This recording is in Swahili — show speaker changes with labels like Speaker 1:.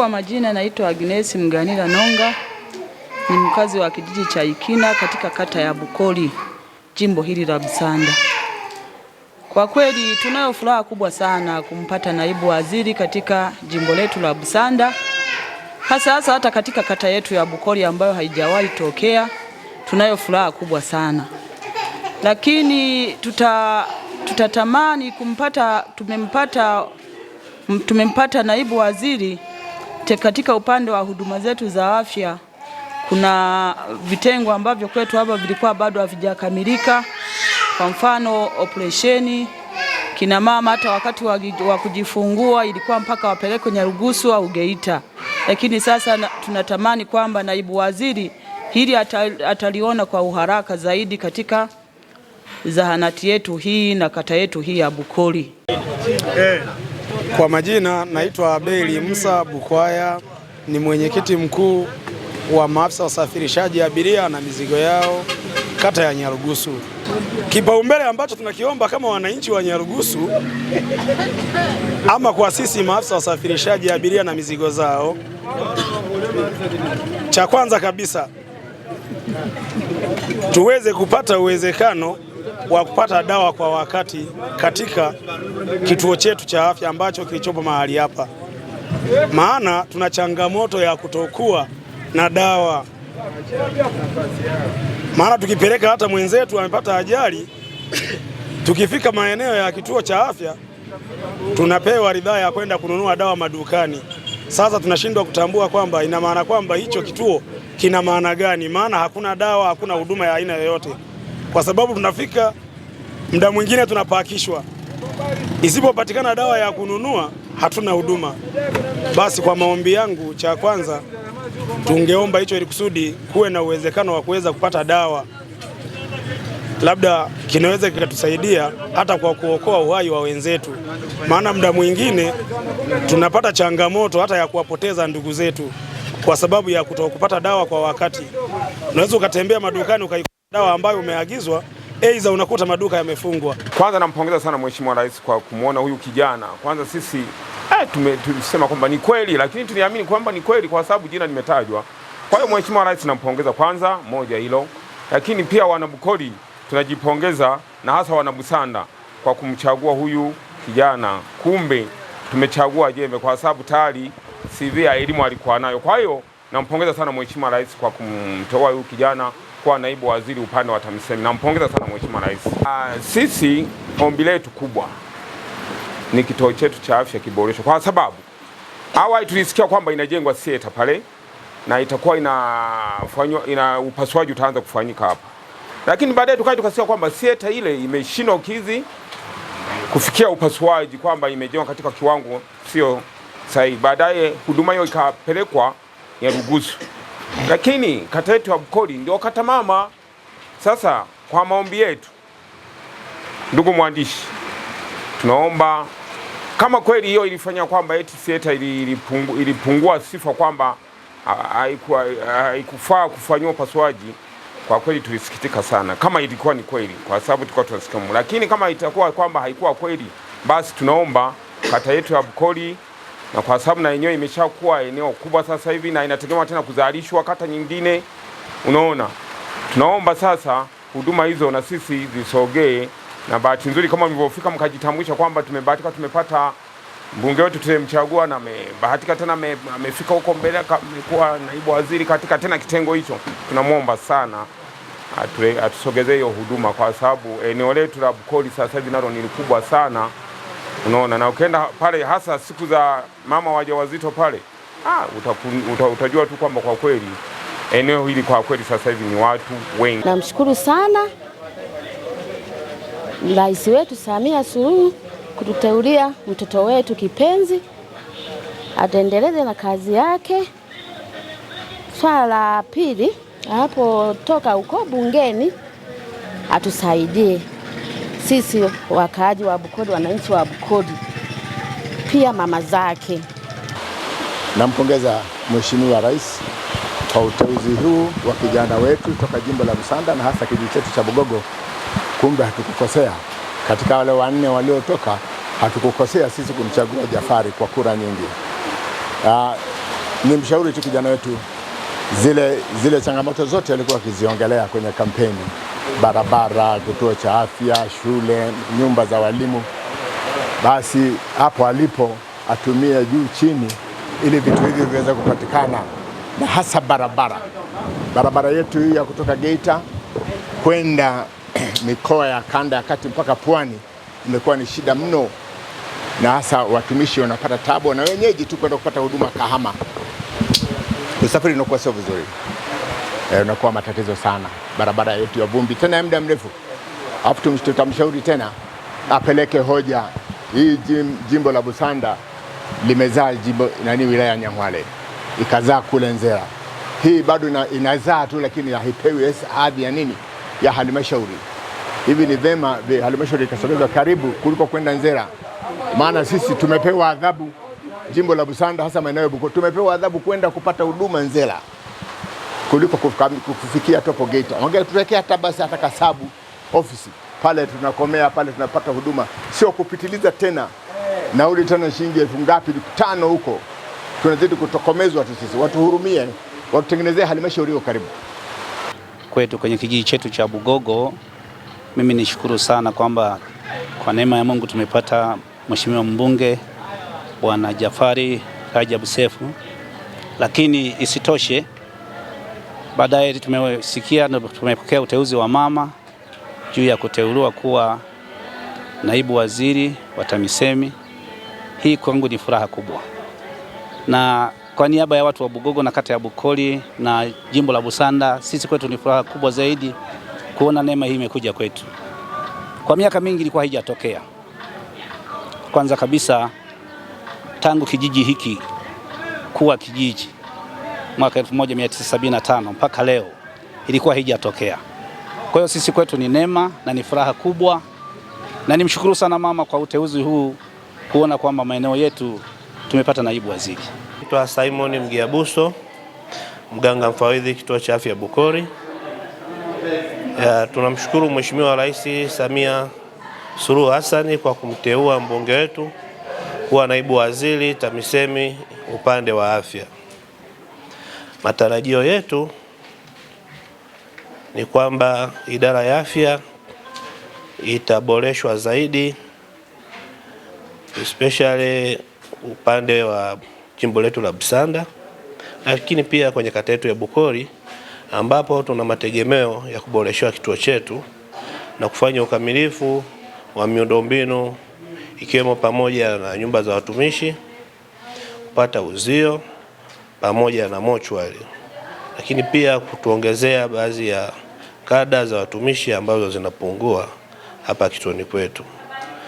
Speaker 1: Kwa majina naitwa Agnes Mganila Nonga, ni mkazi wa kijiji cha Ikina katika kata ya Bukoli, jimbo hili la Busanda. Kwa kweli tunayo furaha kubwa sana kumpata naibu waziri katika jimbo letu la Busanda, hasa hasa hata katika kata yetu ya Bukoli ambayo haijawahi tokea. Tunayo furaha kubwa sana lakini tuta, tutatamani kumpata tumempata tumempata naibu waziri katika upande wa huduma zetu za afya kuna vitengo ambavyo kwetu hapa vilikuwa bado havijakamilika. Kwa mfano operesheni, kina mama hata wakati wa kujifungua ilikuwa mpaka wapelekwe Nyarugusu au Geita, lakini sasa tunatamani kwamba naibu waziri hili ataliona kwa uharaka zaidi katika zahanati yetu hii na kata yetu hii ya Bukoli.
Speaker 2: Eh, kwa majina naitwa abeli Musa Bukwaya, ni mwenyekiti mkuu wa maafisa wasafirishaji abiria na mizigo yao kata ya Nyarugusu. Kipaumbele ambacho tunakiomba kama wananchi wa Nyarugusu ama kwa sisi maafisa wasafirishaji abiria na mizigo zao, cha kwanza kabisa tuweze kupata uwezekano wa kupata dawa kwa wakati katika kituo chetu cha afya ambacho kilichopo mahali hapa, maana tuna changamoto ya kutokuwa na dawa, maana tukipeleka hata mwenzetu amepata ajali tukifika maeneo ya kituo cha afya tunapewa ridhaa ya kwenda kununua dawa madukani. Sasa tunashindwa kutambua kwamba ina maana kwamba hicho kituo kina maana gani, maana hakuna dawa, hakuna huduma ya aina yoyote kwa sababu tunafika muda mwingine tunapakishwa, isipopatikana dawa ya kununua hatuna huduma. Basi kwa maombi yangu, cha kwanza tungeomba hicho ili kusudi kuwe na uwezekano wa kuweza kupata dawa, labda kinaweza kikatusaidia hata kwa kuokoa uhai wa wenzetu, maana muda mwingine tunapata changamoto hata ya kuwapoteza ndugu zetu kwa sababu ya kutokupata dawa kwa wakati. Unaweza ukatembea madukani ukai dawa ambayo umeagizwa, aidha unakuta maduka yamefungwa.
Speaker 3: Kwanza nampongeza sana Mheshimiwa Rais kwa kumwona huyu kijana. Kwanza sisi eh, tumesema kwamba ni kweli, lakini tuliamini kwamba ni kweli kwa sababu jina limetajwa. Kwa hiyo Mheshimiwa Rais nampongeza kwanza, moja hilo, lakini pia wanabukori tunajipongeza na hasa wanabusanda kwa kumchagua huyu kijana. Kumbe tumechagua jembe kwa sababu tayari CV ya elimu alikuwa nayo. Kwa hiyo nampongeza sana Mheshimiwa Rais kwa kumtoa huyu kijana kuwa naibu waziri upande wa TAMISEMI, nampongeza sana mheshimiwa rais. Ah, sisi ombi letu kubwa ni kituo chetu cha afya kiboreshwe, kwa sababu awali tulisikia kwamba inajengwa sieta pale na itakuwa inafanywa ina upasuaji utaanza kufanyika hapa, lakini baadaye tukaja tukasikia kwamba sieta ile imeshindwa kizi kufikia upasuaji, kwamba imejengwa katika kiwango sio sahihi. Baadaye huduma hiyo ikapelekwa Nyarugusu lakini kata yetu ya Bukoli ndio kata mama. Sasa kwa maombi yetu, ndugu mwandishi, tunaomba kama kweli hiyo ilifanya kwamba eti sieta ilipungua, ilipungua sifa kwamba haikufaa kufanyiwa upasuaji, kwa kweli tulisikitika sana kama ilikuwa ni kweli, kwa sababu tulikuwa tunasikia, lakini kama itakuwa kwamba haikuwa kweli, basi tunaomba kata yetu ya Bukoli na kwa sababu na yenyewe imeshakuwa eneo kubwa sasa hivi na inategemewa tena kuzalishwa kata nyingine. Unaona, tunaomba sasa huduma hizo na sisi zisogee, na bahati nzuri kama mlivyofika mkajitambulisha kwamba tumebahatika, tumepata mbunge wetu tulimchagua na amebahatika tena amefika huko mbele, amekuwa naibu waziri katika tena kitengo hicho. Tunamwomba sana atusogezee hiyo huduma, kwa sababu eneo letu la Bukoli sasa hivi nalo ni kubwa sana unaona. Na ukienda pale hasa siku za mama wajawazito pale ah, utakun, uta, utajua tu kwamba kwa kweli eneo hili kwa kweli sasa hivi ni watu wengi.
Speaker 4: Namshukuru sana Rais wetu Samia Suluhu kututeulia mtoto wetu kipenzi, atendeleze na kazi yake. Swala la pili, anapotoka huko bungeni atusaidie sisi wakaaji wa Abukodi, wananchi wa Abukodi, pia mama zake.
Speaker 5: Nampongeza Mheshimiwa Rais kwa uteuzi huu wa kijana wetu toka jimbo la Msanda na hasa kijiji chetu cha Bugogo. Kumbe hatukukosea katika wale wanne waliotoka, hatukukosea sisi kumchagua Jafari kwa kura nyingi. Uh, ah, ni mshauri tu kijana wetu, zile, zile changamoto zote alikuwa akiziongelea kwenye kampeni barabara, kituo cha afya, shule, nyumba za walimu, basi hapo alipo atumie juu chini, ili vitu hivyo viweze kupatikana, na hasa barabara. Barabara yetu hii ya kutoka Geita kwenda mikoa ya kanda ya kati mpaka pwani imekuwa ni shida mno, na hasa watumishi wanapata tabu na wenyeji tu kwenda kupata huduma Kahama, usafiri unakuwa sio vizuri eh, unakuwa matatizo sana, barabara yetu ya vumbi tena muda mrefu, Afu tutamshauri tena apeleke hoja hii. Jim, jimbo la Busanda limezaa jimbo nani, wilaya ya Nyang'hwale ikazaa kule Nzera, hii bado ina, inazaa tu, lakini haipewi hadhi ya nini ya halmashauri. Hivi ni vema halmashauri ikasogezwa karibu kuliko kwenda Nzera, maana sisi tumepewa adhabu jimbo la Busanda hasa maeneo ya Bukoto tumepewa adhabu kwenda kupata huduma Nzera kuliko kufikia topo Geita. Wangetuwekea hata basi hata Kasabu ofisi pale, tunakomea pale, tunapata huduma, sio kupitiliza tena nauli tena shilingi elfu ngapi tano huko, tunazidi kutokomezwa tu sisi. Watuhurumie, watutengenezee halmashauri hiyo karibu
Speaker 6: kwetu kwenye kijiji chetu cha Bugogo. Mimi nishukuru sana kwamba kwa neema ya Mungu tumepata mheshimiwa mbunge Bwana Jafari Rajabu sefu lakini isitoshe Baadaye tumesikia tumepokea uteuzi wa mama juu ya kuteuliwa kuwa naibu waziri wa TAMISEMI. Hii kwangu ni furaha kubwa, na kwa niaba ya watu wa Bugogo na kata ya Bukoli na jimbo la Busanda, sisi kwetu ni furaha kubwa zaidi kuona neema hii imekuja kwetu. Kwa miaka mingi ilikuwa haijatokea. Kwanza kabisa tangu kijiji hiki kuwa kijiji mwaka 1975 mpaka leo ilikuwa haijatokea. Kwa hiyo sisi kwetu ni neema na ni furaha kubwa, na nimshukuru sana mama kwa uteuzi huu, kuona kwamba maeneo yetu tumepata naibu waziri.
Speaker 7: Naitwa Simon Mgiabuso, mganga mfawidhi kituo cha afya Bukori. Ya, tunamshukuru Mheshimiwa Rais Samia Suluhu Hassan kwa kumteua mbunge wetu kuwa naibu waziri TAMISEMI upande wa afya. Matarajio yetu ni kwamba idara ya afya itaboreshwa zaidi especially upande wa jimbo letu la Busanda, lakini pia kwenye kata yetu ya Bukori ambapo tuna mategemeo ya kuboreshewa kituo chetu na kufanya ukamilifu wa miundombinu ikiwemo pamoja na nyumba za watumishi, kupata uzio pamoja na mochwari, lakini pia kutuongezea baadhi ya kada za watumishi ambazo zinapungua hapa kituoni kwetu.